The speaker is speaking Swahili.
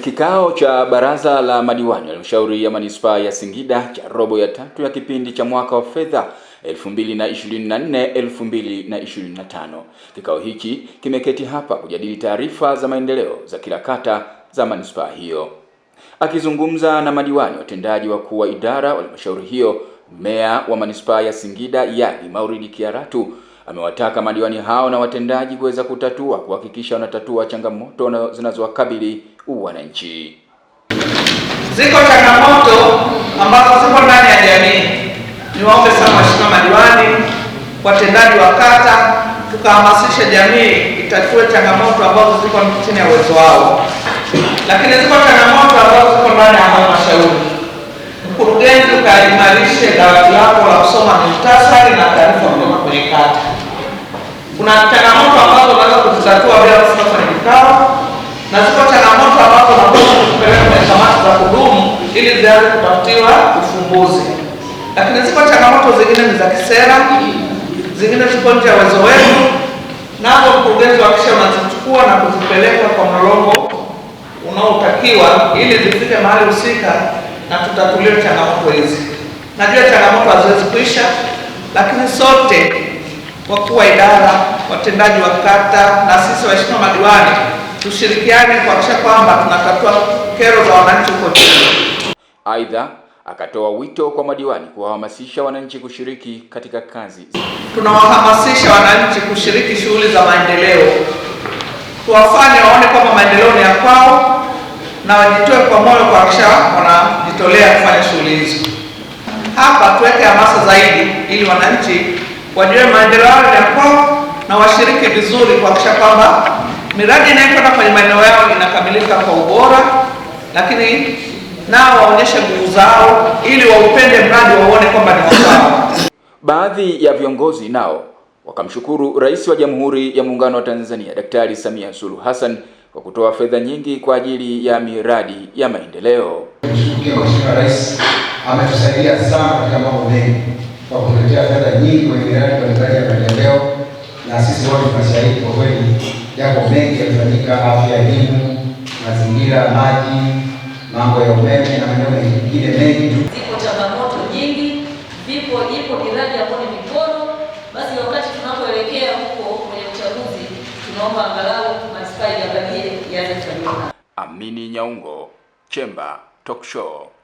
Kikao cha baraza la madiwani wa halmashauri ya manispaa ya Singida cha robo ya tatu ya kipindi cha mwaka wa fedha 2024 2025. Kikao hiki kimeketi hapa kujadili taarifa za maendeleo za kila kata za manispaa hiyo. Akizungumza na madiwani watendaji wakuu wa idara wa halmashauri hiyo, meya wa manispaa ya Singida Yagi Mauridi Kiaratu amewataka madiwani hao na watendaji kuweza kutatua kuhakikisha wanatatua changamoto zinazowakabili wananchi. Ziko changamoto ambazo ziko ndani ya jamii. Niwaombe sana waheshimiwa madiwani, watendaji wa kata, tukahamasisha jamii itatue changamoto ambazo ziko chini ya uwezo wao, lakini ziko changamoto ambazo ziko ndani ya halmashauri. Mkurugenzi, ukaimarishe dawati lako la kusoma muhtasari na taarifa kutoka kwenye kata. Kuna changamoto ambazo unaweza kuzitatua bila lianze kutafutiwa ufumbuzi, lakini ziko changamoto zingine ni za kisera, zingine ziko nje ya uwezo wetu, nazo mkurugenzi wakisha unazichukua na kuzipeleka kwa mlongo unaotakiwa ili zifike mahali husika na tutatulia changamoto hizi. Najua changamoto haziwezi kuisha, lakini sote wakuu wa idara, watendaji wa kata na sisi waheshimiwa madiwani tushirikiane kuhakikisha kwamba tunatatua kero za wananchi huko chini. Aidha, akatoa wito kwa madiwani kuwahamasisha wananchi kushiriki katika kazi. Tunawahamasisha wananchi kushiriki shughuli za maendeleo, kuwafanya waone kwamba maendeleo ni ya kwao na wajitoe kwa moyo kuhakikisha wanajitolea kufanya shughuli hizo. Hapa tuweke hamasa zaidi, ili wananchi wajue maendeleo yao ni ya kwao na washiriki vizuri kuhakikisha kwamba miradi inayokwenda kwenye maeneo yao inakamilika kwa ubora, lakini nao waonyeshe nguvu zao ili waupende mradi wauone kwamba ni wao. Baadhi ya viongozi nao wakamshukuru Rais wa Jamhuri ya Muungano wa Tanzania Daktari Samia Suluhu Hassan kwa kutoa fedha nyingi kwa ajili ya miradi ya maendeleo. Mheshimiwa Rais ametusaidia sana katika mambo mengi kwa kuletea fedha nyingi kwenye miradi mbalimbali ya maendeleo, na sisi wote tunashahidi kwa kweli, yako mengi yamefanyika: afya, elimu, mazingira, maji mambo ya umeme na maeneo mengine mengi. Ziko changamoto nyingi, vipo ipo miradi ambayo ni migoro. Basi wakati tunapoelekea huko kwenye uchaguzi, tunaomba angalau manispaa iangalie yale. Amini Nyaungo, Chemba Talk Show.